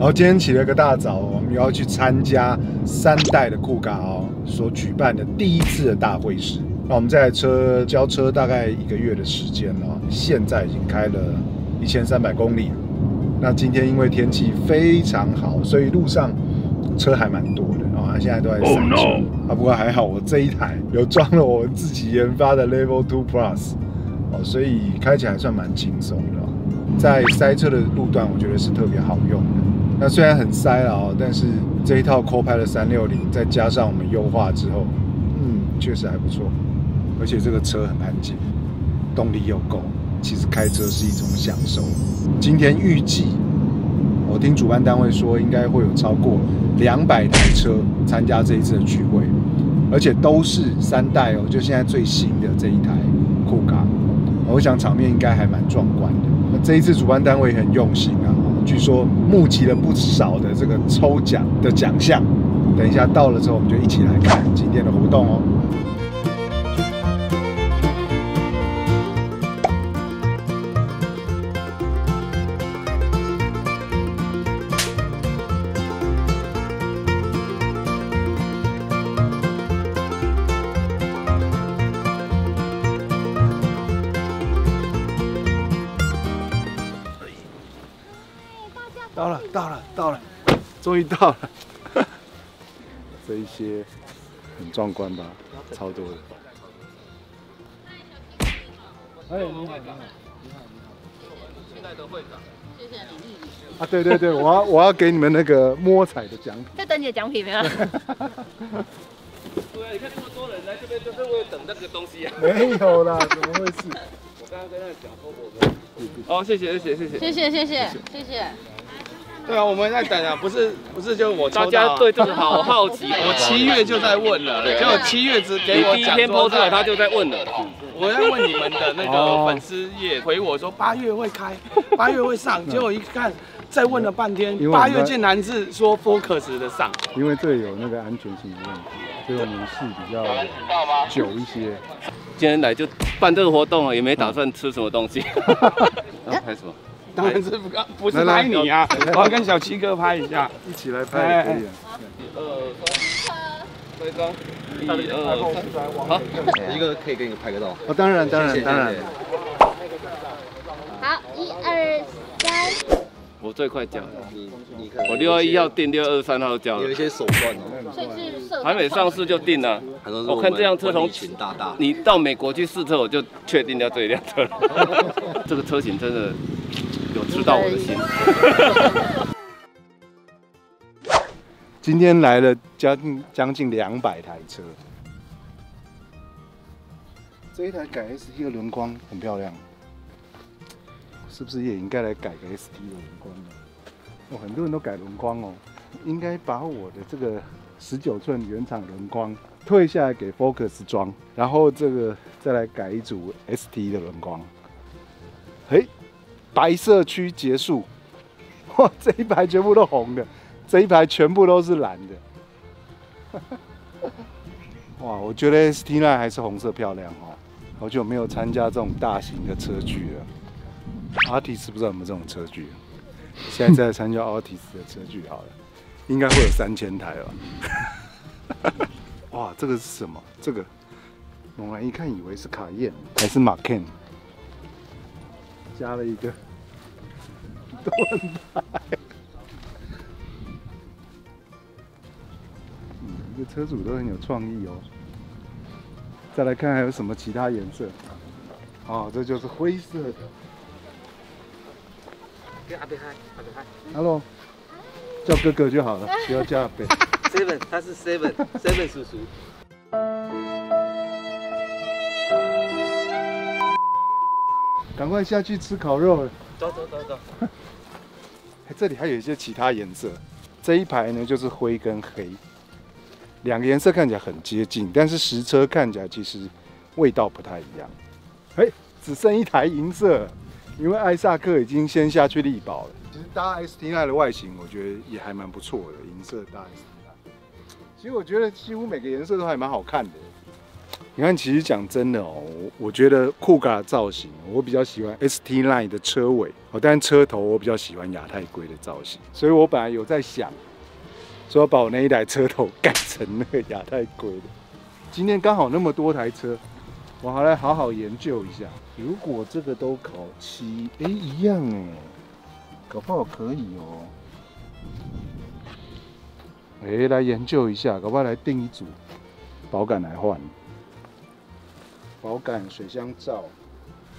然后今天起了个大早，我们要去参加三代的库卡哦所举办的第一次的大会师。那我们这台车交车大概一个月的时间了，现在已经开了一千三百公里。那今天因为天气非常好，所以路上车还蛮多的哦。现在都在塞车啊，不过还好我这一台有装了我们自己研发的 Level Two Plus 哦，所以开起来还算蛮轻松的。在塞车的路段，我觉得是特别好用的。那虽然很塞了啊，但是这一套 Copilot 三六零，再加上我们优化之后，嗯，确实还不错。而且这个车很安静，动力又够，其实开车是一种享受。今天预计，我听主办单位说，应该会有超过两百台车参加这一次的聚会，而且都是三代哦，就现在最新的这一台酷卡。我想场面应该还蛮壮观的。那这一次主办单位很用心啊。据说募集了不少的这个抽奖的奖项，等一下到了之后我们就一起来看今天的活动哦。到了，到了，终于到了。这一些很壮观吧？超多的。哎，你好，你好，你好，你好，现在的会长，谢谢李啊，对对对，我要我要给你们那个摸彩的奖品。在等你的奖品没有？对啊，你看这么多人来这边，就是为了等那个东西啊。没有啦，怎么回事？我刚刚在那讲说我们。哦，谢谢谢谢谢谢，谢谢谢谢谢谢。对啊，我们在等啊，不是不是就我大家对这个好好奇，我七月就在问了，结果七月只给我一天播出来，他就在问了。我在问你们的那个粉丝页回我说八月会开，八月会上，结果一看再问了半天，八月竟然是说 focus 的上。因为这有那个安全性的问题，所以我们是比较久一些。今天来就办这个活动啊，也没打算吃什么东西，然 后拍什么。不是拍你啊，我要跟小七哥拍一下。一起来拍。一二三，一二三。好，一个可以给你拍个照。哦，当然当然当然。好，一二三。我最快叫你你我六二一要定，六二二三号叫了。有一些手段哦。还没上市就定了。我看这辆车从请大，大。你到美国去试车，我就确定掉这一辆车了。这个车型真的。有知道我的心。今天来了将近将近两百台车，这一台改 ST 的轮光很漂亮，是不是也应该来改个 ST 的轮光呢？哇，很多人都改轮光哦，应该把我的这个十九寸原厂轮光退下来给 Focus 装，然后这个再来改一组 ST 的轮光。嘿。白色区结束，哇，这一排全部都红的，这一排全部都是蓝的，哇，我觉得 S T Line 还是红色漂亮哦。好久没有参加这种大型的车聚了，Artis 不知道有没有这种车聚，现在在参加 Artis 的车聚好了，应该会有三千台吧。哇，这个是什么？这个，我然一看以为是卡宴，还是马 Ken。加了一个盾 牌，嗯，这车主都很有创意哦。再来看还有什么其他颜色，哦，这就是灰色的。跟阿北嗨，阿北嗨，Hello，叫哥哥就好了，不要叫阿北。Seven，他是 Seven，Seven 叔叔。赶快下去吃烤肉了！走走走走。这里还有一些其他颜色。这一排呢就是灰跟黑，两个颜色看起来很接近，但是实车看起来其实味道不太一样。哎，只剩一台银色，因为艾萨克已经先下去力保了。其实搭 S T I 的外形，我觉得也还蛮不错的，银色搭 S T I。其实我觉得几乎每个颜色都还蛮好看的。你看，其实讲真的哦，我觉得酷卡的造型我比较喜欢，ST Line 的车尾哦，但车头我比较喜欢亚太龟的造型，所以我本来有在想，说把我那一台车头改成那个亚太龟的。今天刚好那么多台车，我好来好好研究一下。如果这个都烤漆，哎，一样哎，搞不好可以哦。哎，来研究一下，搞不好来订一组保杆来换。保杆水箱罩，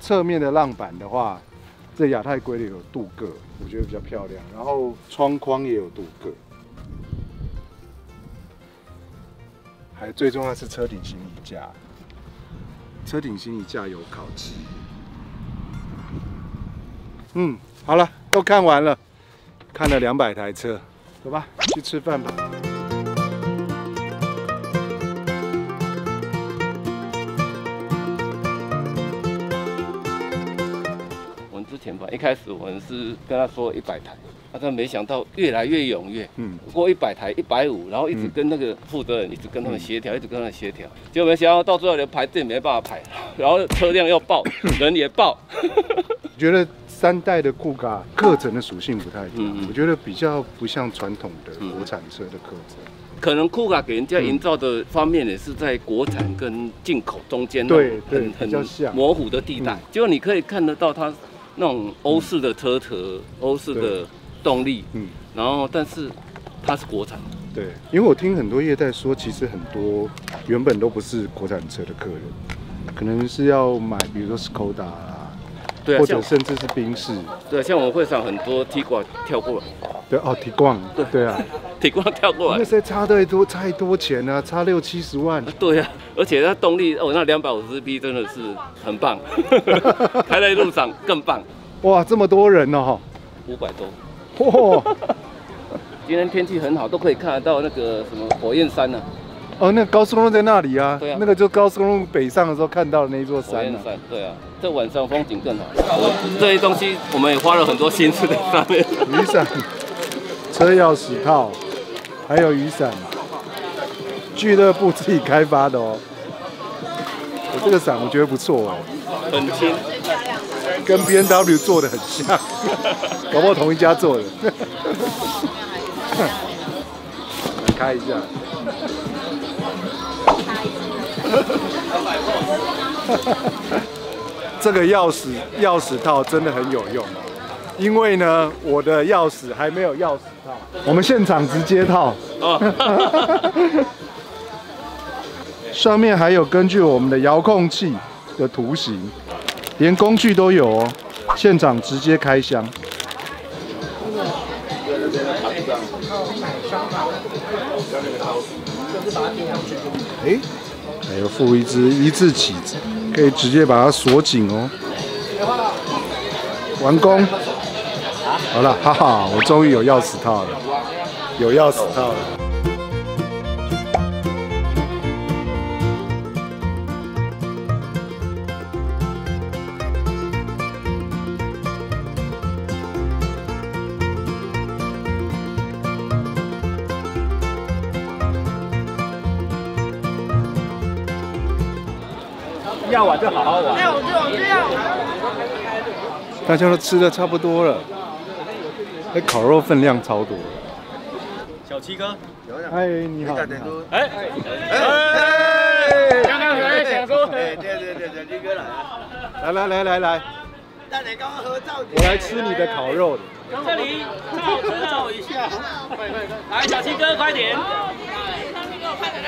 侧面的浪板的话，这亚太龟的有镀铬，我觉得比较漂亮。然后窗框也有镀铬，还最重要是车顶行李架，车顶行李架有烤漆。嗯，好了，都看完了，看了两百台车，走吧，去吃饭吧。一开始我们是跟他说一百台，但是没想到越来越踊跃。嗯，过一百台一百五，然后一直跟那个负责人，一直跟他们协调，一直跟他们协调。结果没想到到最后连排队没办法排，然后车辆要爆，人也爆。我觉得三代的酷卡课程的属性不太一样，我觉得比较不像传统的国产车的课程。可能酷卡给人家营造的方面也是在国产跟进口中间，对，很很模糊的地带。结果你可以看得到它。那种欧式的车头，欧式的动力，嗯，然后但是它是国产，对，因为我听很多业代说，其实很多原本都不是国产车的客人，可能是要买，比如说 Skoda，对啊，或者甚至是宾士，对，像我们会上很多提挂跳过，对，哦，提挂，对，对啊。铁光跳过来，那些差太多，差多钱啊，差六七十万。对呀，而且那动力哦，那两百五十匹真的是很棒，开在路上更棒。哇，这么多人呢，哈，五百多。哇，今天天气很好，都可以看得到那个什么火焰山呢？哦，那高速公路在那里啊。对啊，那个就高速公路北上的时候看到的那一座山。山，对啊，这晚上风景更好。这些东西我们也花了很多心思在上面。雨伞、车钥匙套。还有雨伞，俱乐部自己开发的哦。我这个伞我觉得不错哦，很轻，跟 B N W 做的很像，搞不好同一家做的。开一下，这个钥匙钥匙套真的很有用。因为呢，我的钥匙还没有钥匙套，我们现场直接套。啊，上面还有根据我们的遥控器的图形，连工具都有哦，现场直接开箱。哎，还有附一只一字起子，可以直接把它锁紧哦。完工。好了，哈哈，我终于有钥匙套了，有钥匙套了。要玩就好好玩。没有，没大家都吃的差不多了。那烤肉分量超多，小七哥，哎，你好，哎，点哎，哎，哎，刚亮哥，小哥，哎，对对对，小七哥来了，来来来来来，大点哥合照，我来吃你的烤肉的，这里照合照一下，快快来，小七哥快点，小七哥快点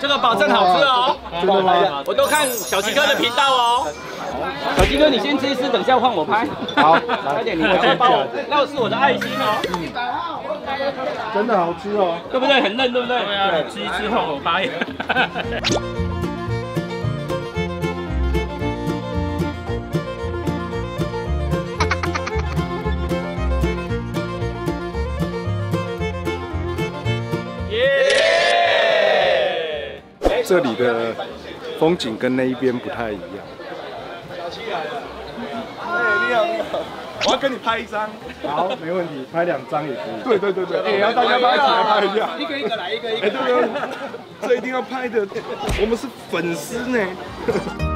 这个保证好吃哦，真的吗？我都看小七哥的频道哦。小鸡哥，你先吃一吃，等下换我拍。好，快点，你先帮我，那是我的爱心哦。真的好吃哦，对不对？很嫩，对不对？对啊。吃后我发 耶！这里的风景跟那一边不太一样。来了，哎，你好，我要跟你拍一张。好，没问题，拍两张也可以。对对对对，也要大家一起来拍一下。一个一个来，一个一个。哎，对对，这一定要拍的，我们是粉丝呢。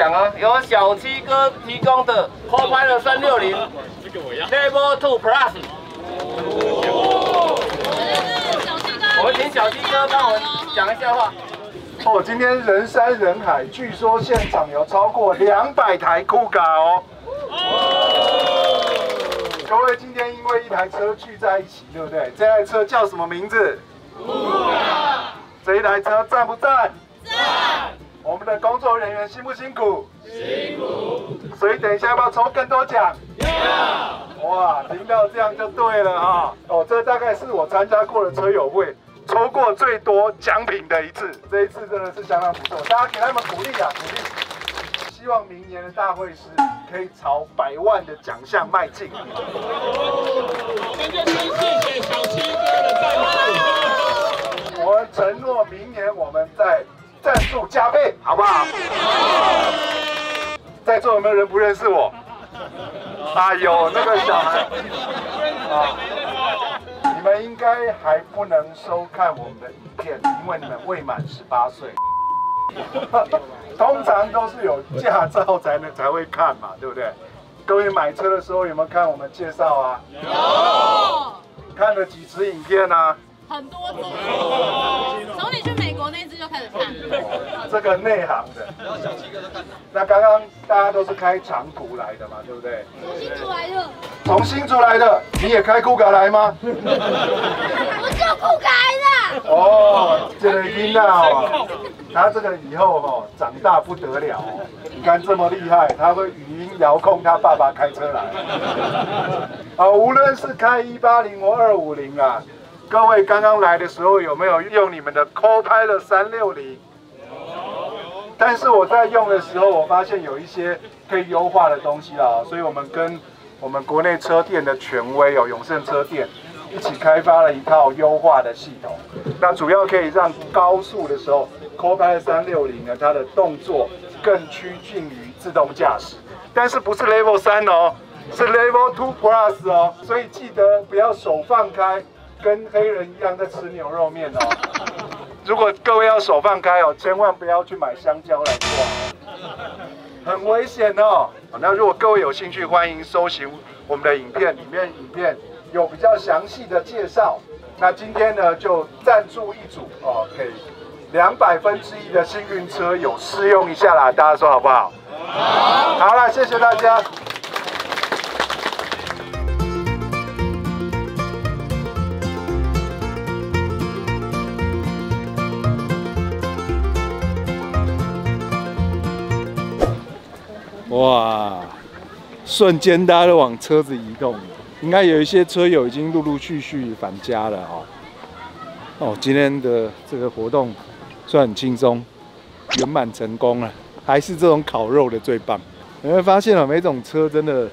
讲啊，由小七哥提供的 c o 了。l 三六零 Tablet Two Plus，我们请小七哥帮我讲一下话。哦，今天人山人海，据说现场有超过两百台酷卡哦。各位今天因为一台车聚在一起，对不对？这台车叫什么名字？酷卡，这台车赞不赞？我们的工作人员辛不辛苦？辛苦。所以等一下要不要抽更多奖？要。哇，听到这样就对了啊！哦，这大概是我参加过的车友会抽过最多奖品的一次。这一次真的是相当不错，大家给他们鼓励啊！鼓励。希望明年的大会是可以朝百万的奖项迈进。我们就先谢谢小七哥的赞助。我承诺明年我们在战术加倍，好不好？在座有没有人不认识我？啊，有那个小孩。你们应该还不能收看我们的影片，因为你们未满十八岁。通常都是有驾照才能才会看嘛，对不对？各位买车的时候有没有看我们介绍啊？有。看了几支影片呢？很多次。手就开很棒，这个内行的，然后小七哥在干那刚刚大家都是开长途来的嘛，对不对？从新出来的，从新出来的，你也开酷卡来吗？我就酷卡来的。哦，这杰瑞娜，他这个以后哈长大不得了，哦。你看这么厉害，他会语音遥控他爸爸开车来。啊，无论是开一八零或二五零啊。各位刚刚来的时候有没有用你们的酷派的三六零？但是我在用的时候，我发现有一些可以优化的东西啦，所以我们跟我们国内车店的权威哦，永盛车店一起开发了一套优化的系统。那主要可以让高速的时候 o t 三六零呢，它的动作更趋近于自动驾驶，但是不是 Level 三哦，是 Level Two Plus 哦，所以记得不要手放开。跟黑人一样在吃牛肉面哦！如果各位要手放开哦，千万不要去买香蕉来逛，很危险哦！那如果各位有兴趣，欢迎搜寻我们的影片里面，影片有比较详细的介绍。那今天呢，就赞助一组哦，给两百分之一的幸运车有试用一下啦，大家说好不好？好，好了，谢谢大家。哇！瞬间大家都往车子移动，应该有一些车友已经陆陆续续返家了哦。哦，今天的这个活动算很轻松，圆满成功了，还是这种烤肉的最棒。你会发现哦？每种车真的，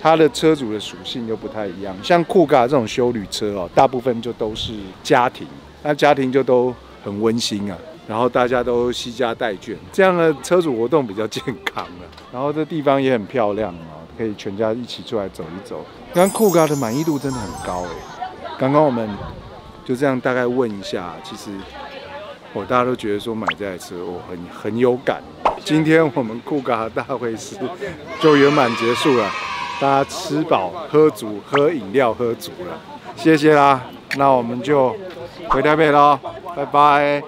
它的车主的属性又不太一样。像酷咖这种修旅车哦，大部分就都是家庭，那家庭就都很温馨啊。然后大家都惜家待眷，这样的车主活动比较健康了。然后这地方也很漂亮哦，可以全家一起出来走一走。刚酷咖的满意度真的很高哎。刚刚我们就这样大概问一下，其实我大家都觉得说买这台车我很很有感。今天我们酷咖大会是就圆满结束了，大家吃饱喝足，喝饮料喝足了，谢谢啦。那我们就回台北喽，拜拜。